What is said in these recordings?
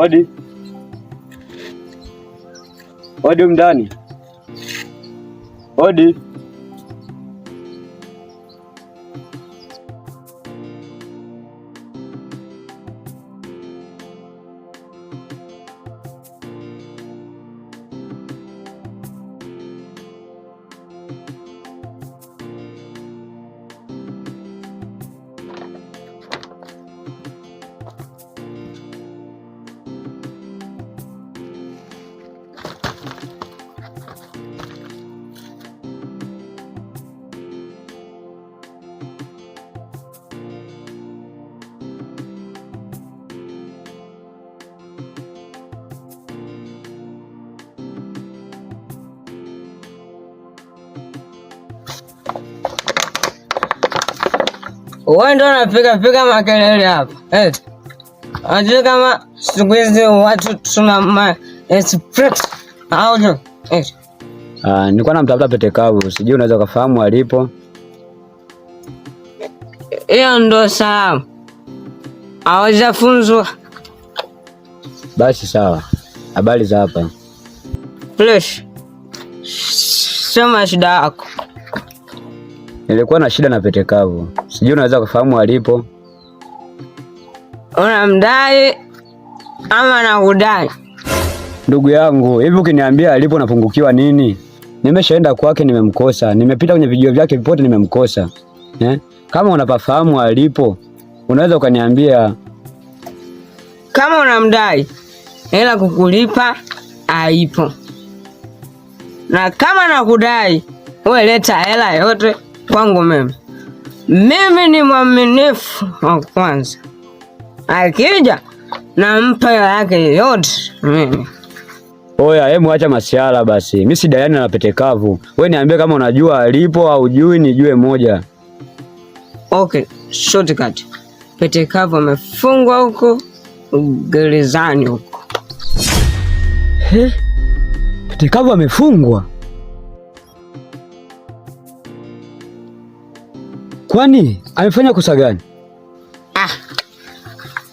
Odi. Odi mndani. Odi. Wewe ndio unapiga piga makelele hapa. Eh. Unajua kama siku hizi watu tuna ma express eh, audio. Eh. Ah, nilikuwa namtafuta Pete Kavu. Sijui unaweza ukafahamu alipo. Hiyo ndo sawa. awezafunzwa Basi sawa. Habari za hapa. Fresh. Sema shida yako. Nilikuwa na shida na pete kavu, sijui unaweza kufahamu alipo. Unamdai ama nakudai? Ndugu yangu, hivi ukiniambia alipo napungukiwa nini? Nimeshaenda kwake, nimemkosa, nimepita kwenye vijio vyake vipote, nimemkosa eh? Kama unapafahamu alipo, unaweza ukaniambia kama unamdai hela kukulipa aipo, na kama nakudai, wewe leta hela yote kwangu mimi, mimi ni mwaminifu wa kwanza. Akija nampa yake yote mimi. Oya, hebu acha masiala basi. Mimi si Dayani na kavu. Wewe niambie kama unajua alipo au hujui, nijue moja. Okay, shortcut. Petekavu amefungwa huko gerezani huko. kavu amefungwa Kwani amefanya kosa gani? Ah,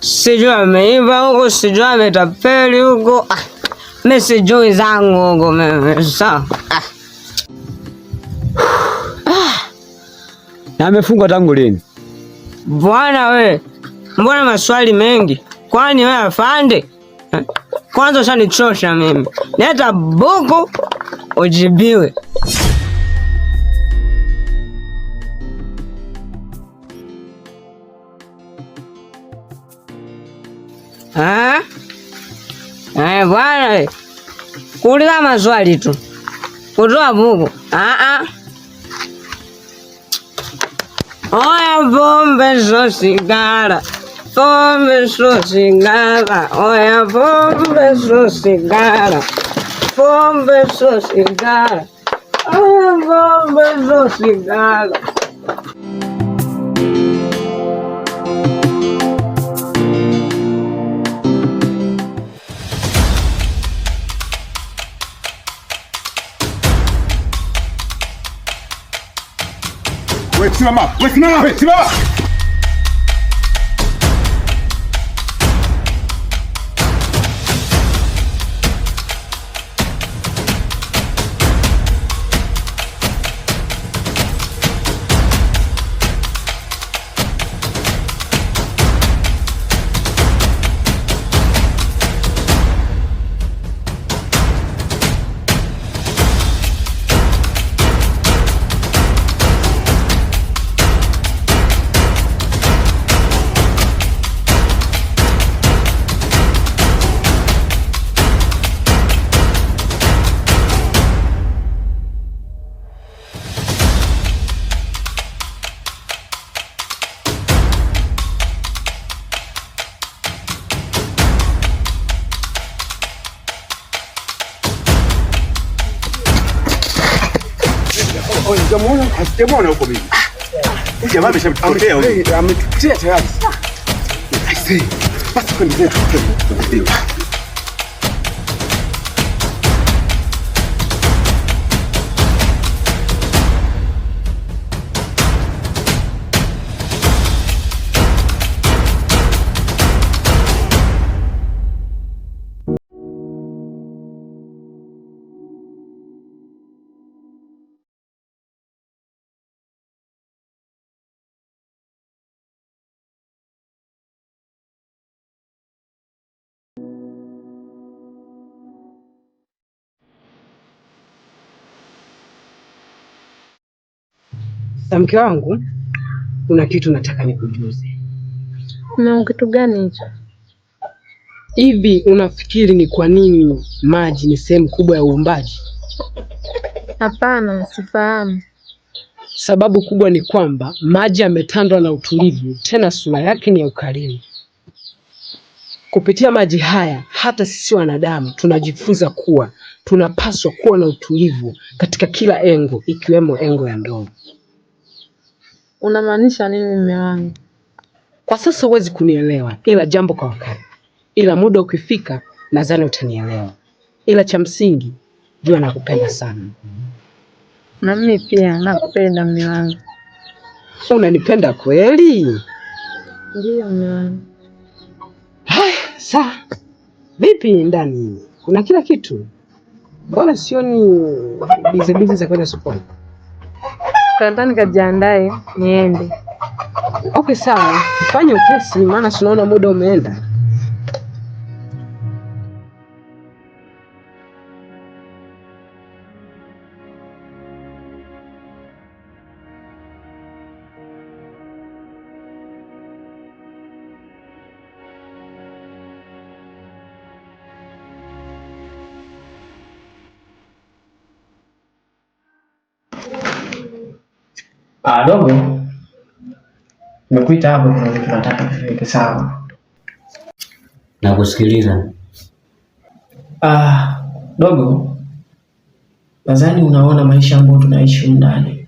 sijui ameiba huko, sijui ametapeli huko. Ah, mimi sijui zangu huko mimi. Sawa. Ah. ah. Na amefungwa tangu lini? Bwana we, mbona maswali mengi? Kwani we afande? Kwanza ushanichosha mimi. Leta buku ujibiwe. હા હા વાળ કુડદામાં સ્વાડી તું કુડવા ભૂખ ah ah Olha a bomba, sou cigara. Bomba, sou cigara. Olha a bomba, sou cigara. Bomba, sou cigara. Olha a bomba, sou cigara. 왜 치마 마? 왜 치마 마? 왜 치마? Hujamuona? Hatujamuona huko mimi. Jamaa ameshamtokea huko. Ametutia tayari. I see. Basi kwenda zetu. Sasa mke wangu, kuna kitu nataka nikujuze. Na kitu gani hicho? Hivi unafikiri ni kwa nini maji ni sehemu kubwa ya uumbaji? Hapana, sifahamu. Sababu kubwa ni kwamba maji yametandwa na utulivu, tena sura yake ni ya ukarimu. Kupitia maji haya, hata sisi wanadamu tunajifunza kuwa tunapaswa kuwa na utulivu katika kila engo, ikiwemo engo ya ndoa. Unamaanisha nini mume wangu? Kwa sasa huwezi kunielewa, ila jambo kwa wakati, ila muda ukifika nadhani utanielewa, ila cha msingi jua nakupenda sana. Na mimi pia nakupenda mume wangu. Unanipenda kweli? ndio mume wangu. Hai, saa vipi ndani? Kuna kila kitu, mbona sioni bizibizi za kwenda sokoni? nikaandaa nikajiandae niende. Okay, sawa, fanya upesi, maana tunaona muda umeenda. Ah, dogo. Nimekuita hapo kwa kitu nataka kiweke sawa. Nakusikiliza. Ah, dogo. Nadhani unaona maisha ambayo tunaishi ndani.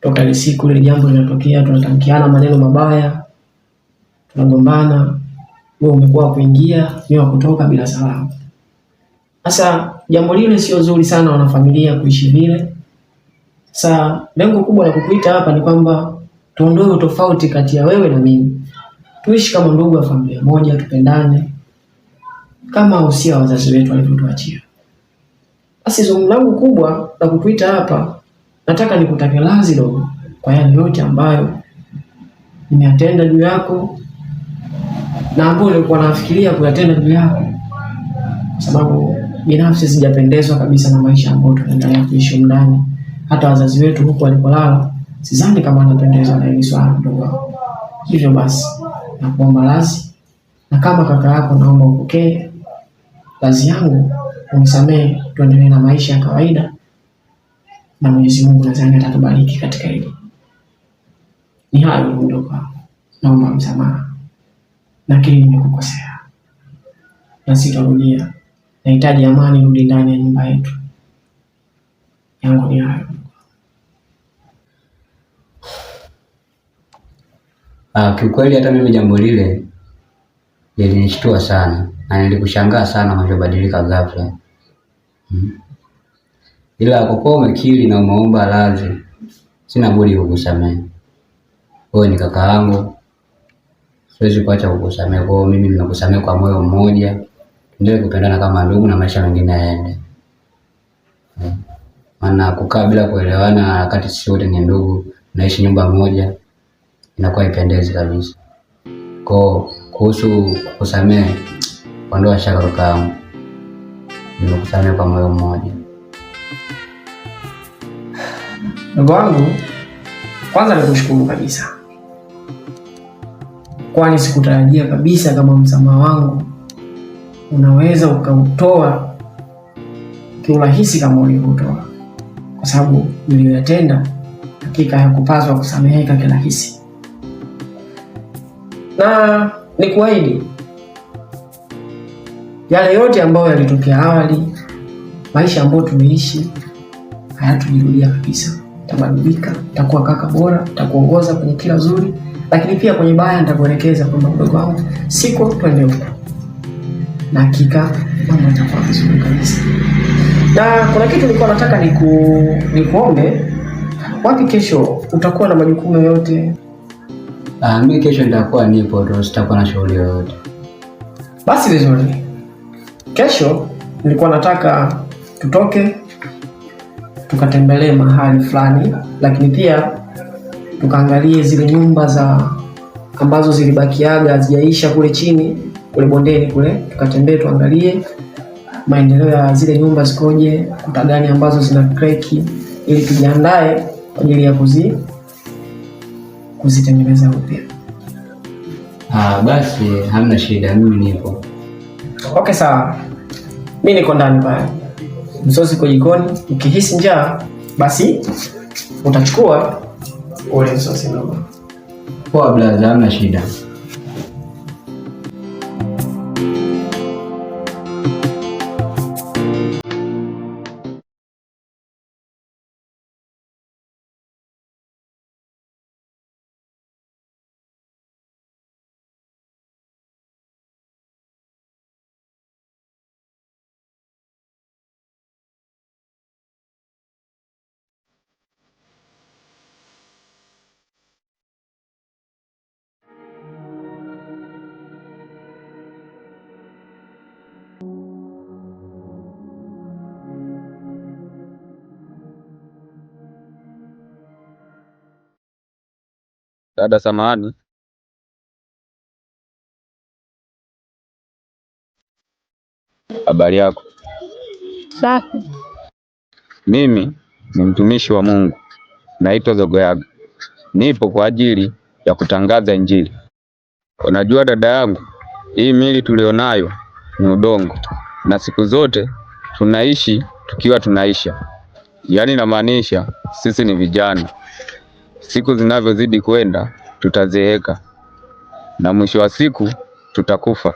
Toka ile siku ile jambo linatokea, tunatamkiana maneno mabaya, tunagombana, wewe umekuwa kuingia, mimi wa kutoka bila salamu. Sasa jambo lile sio zuri sana wanafamilia kuishi vile Sa lengo kubwa la kukuita hapa ni kwamba tuondoe utofauti kati ya wewe na mimi, tuishi kama ndugu wa familia moja, tupendane kama usia wazazi wetu walivyotuachia. Basi zungu langu kubwa la kukuita hapa, nataka nikutake radhi dogo kwa yale yote ambayo nimeatenda juu yako na ambayo nilikuwa nafikiria kuyatenda juu yako, kwa sababu binafsi sijapendezwa kabisa na maisha ambayo tunaendelea kuishi ndani hata wazazi wetu huko walipolala, sidhani kama wanapendezwa na hili swala ndugu Hivyo basi nakuomba radhi, na kama kaka yako naomba upokee radhi yangu, unisamehe, tuendelee na maisha ya kawaida, na Mwenyezi Mungu nadhani atatubariki katika hili. Ni hayo ndugu naomba msamaha, lakini nimekukosea na sitarudia. Nahitaji amani rudi ndani ya nyumba yetu yangu. Ni hayo. Uh, kiukweli hata mimi jambo lile lilinishtua sana na nilikushangaa sana unavyobadilika ghafla hmm. Ila kwa kuwa umekiri na umeomba radhi, sina budi kukusamehe. Wewe ni kaka yangu, siwezi kuacha kukusamehe. Kwa hiyo mimi ninakusamehe kwa moyo mmoja, tuendelee kupendana kama ndugu na maisha mengine yaende, hmm. maana hmm. kukaa bila kuelewana, wakati sisi wote ni ndugu, naishi nyumba moja inakuwa ipendezi kabisa. Kwa kuhusu kusamehe, ondoa shaka kaka yangu, nimekusamehe kwa moyo mmoja. Ndugu wangu, kwanza nikushukuru kabisa, kwani sikutarajia kabisa kama msamaha wangu unaweza ukautoa kiurahisi kama ulivyotoa, kwa sababu niliyoyatenda hakika hayakupaswa kusameheka kirahisi na ni kuahidi yale yote ambayo yalitokea awali, maisha ambayo tumeishi hayatujirudia kabisa. tabadilika takuwa kaka bora, takuongoza kwenye kila zuri, lakini pia kwenye baya nitakuelekeza kwamba mdogo wangu, siko twende huko, na hakika mambo yatakuwa vizuri kabisa. Na kuna kitu nilikuwa nataka niku nikuombe, wapi kesho utakuwa na majukumu yote Uh, ah, mi kesho nitakuwa nipo tu, sitakuwa na shughuli yoyote. Basi vizuri. Kesho nilikuwa nataka tutoke tukatembelee mahali fulani, lakini pia tukaangalie zile nyumba za ambazo zilibakiaga hazijaisha kule chini kule bondeni kule, tukatembee tuangalie maendeleo ya zile nyumba zikoje, kuta gani ambazo zina kreki, ili tujiandae kwa ajili ya kuzi kuzitengeneza upya? Ah, basi hamna shida, mimi nipo. Okay, sawa. Mimi niko ndani pale, msosi kwa jikoni. Ukihisi njaa, basi utachukua ule msosi Poa blaza, hamna shida. Dada samahani habari yako safi mimi ni mtumishi wa Mungu naitwa Zogoyaga nipo kwa ajili ya kutangaza injili unajua dada yangu hii mili tulionayo ni udongo, na siku zote tunaishi tukiwa tunaisha. Yaani inamaanisha sisi ni vijana, siku zinavyozidi kwenda tutazeeka na mwisho wa siku tutakufa.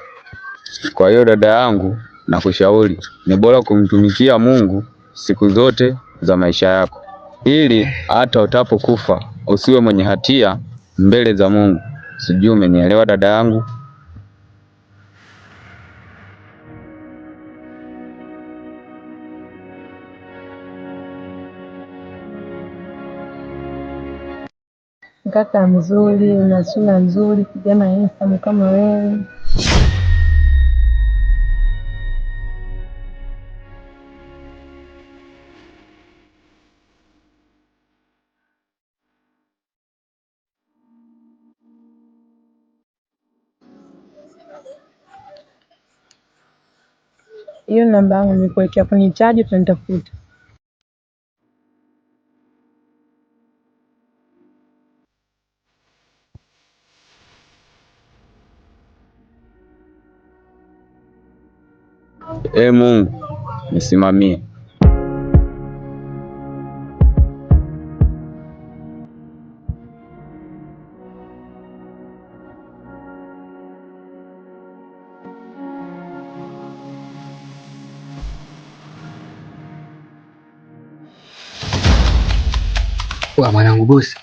Kwa hiyo dada yangu, nakushauri ni bora kumtumikia Mungu siku zote za maisha yako, ili hata utapokufa usiwe mwenye hatia mbele za Mungu. Sijui umenielewa dada yangu? kaka mzuri, una sura nzuri, kijana handsome kama wewe hiyo namba yangu nimekuwekea kwenye chaji utanitafuta Ee Mungu nisimamie. Mwanangu bosi,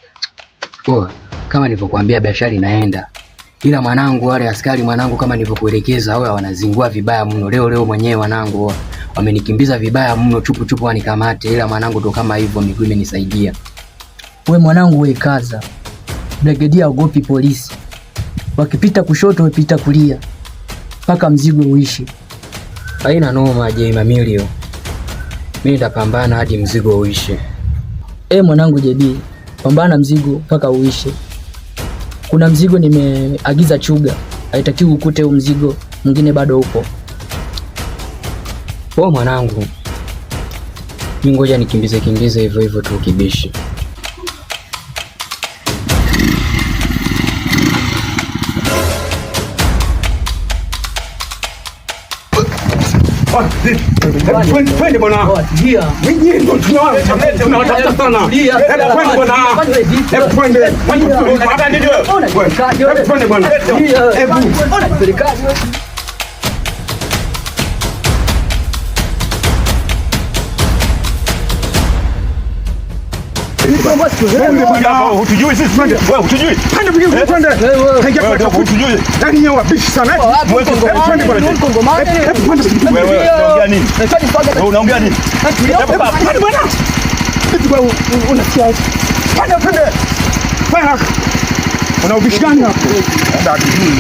kama nilivyokuambia biashara inaenda. Ila mwanangu, wale askari mwanangu, kama nilivyokuelekeza, wao wanazingua vibaya mno. Leo leo mwenyewe wanangu wamenikimbiza vibaya mno, chupu chupu wanikamate. Ila mwanangu, ndo kama hivyo, miguu imenisaidia. We mwanangu, we kaza. Brigedia ogopi polisi, wakipita kushoto wepita kulia, mpaka mzigo uishi. Haina noma, je Mamilio, mimi nitapambana hadi mzigo uishe. E mwanangu jebi pambana mzigo mpaka uishe kuna mzigo nimeagiza Chuga, haitakiwi ukute huu mzigo mwingine bado upo. Wewe mwanangu, mi ngoja nikimbize kimbize hivyo hivyo tu kibishi. Twende bwana, vijiji ndio tunawatafuta sana. Twende bwana, twende, bwana, hutujui sisi, twende wewe, hutujui twende, twende twende, haija kwa hutujui, yani yeye wabishi sana, wewe twende kwa nini? Wewe unaongea nini? Wewe unaongea nini? Twende bwana, wewe unasikia? Twende twende, bwana una ubishi gani hapo? Ndio hutujui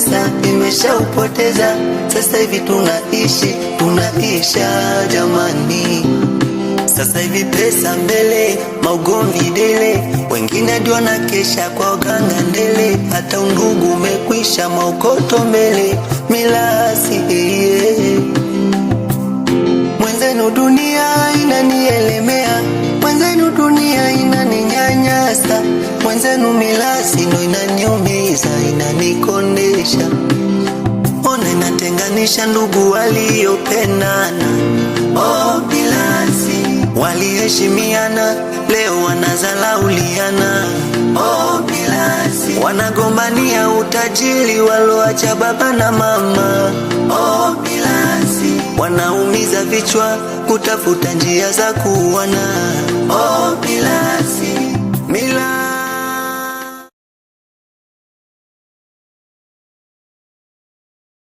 pesa imeshaupoteza, sasa hivi tunaishi tunaisha jamani. Sasa hivi pesa mbele, maugomvi dele, wengine ndio wanakesha kwa uganga ndele, hata undugu umekwisha, maukoto mbele, milasi iye mwenzenu, dunia inanielemea, mwenzenu, dunia inaninyanyasa, mwenzenu, milasi ndo inaniumiza, inanikone kutenganisha, ona inatenganisha ndugu waliopendana. Oh, bilasi waliheshimiana, leo wanazalauliana. Oh, bilasi wanagombania utajiri walioacha baba na mama. Oh, bilasi wanaumiza vichwa kutafuta njia za kuwana. Oh, bilasi mila